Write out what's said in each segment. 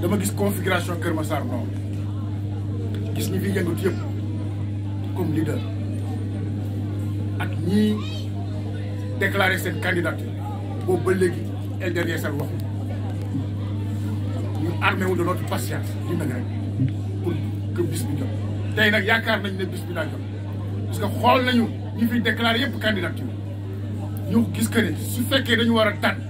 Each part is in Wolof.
dama gis configuration Kër Massar Nord gis ñi fi yëngatu yëpp comme leader ak ñi déclaré seen candidature boobu ba léegi LDR Yeesal waxu ñu armé de notre patience li nag rek pour que bis bi jot tey nag yaakaar nañ ne bis bi daa jot parce xool nañu ñi fi déclaré yëpp candidature ñu gis que ne su fekkee dañu war a tànn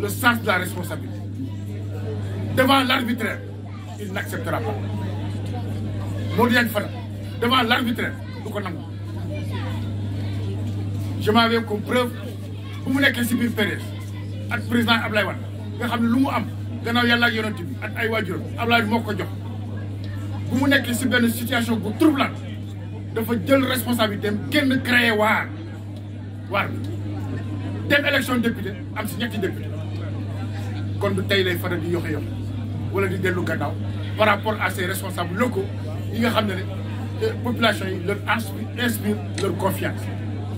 le sens de la responsabilité devant l'arbitraire il n'acceptera pas Modiane devant l'arbitraire ko nangu je m'avais comme preuve Vous que si biir PDS ak président Ablaye situation Il troublante dafa jël responsabilité qui ne crée pas dem élection député am ci ñetti député kon du tay lay faral di yoxe yox wala di gannaaw par rapport à ces responsables locaux yi nga xam ne euh, population yi leur inspire leur confiance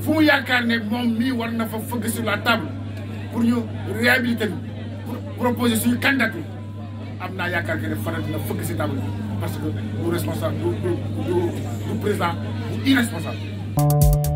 fu mu yaakaar ne moom mii war na fa sur la table pour ñu réhabiliter pour proposer suñu candidature am naa yaakaar que ne faral dina fëgg si table parce que du responsable du du du président bu irresponsable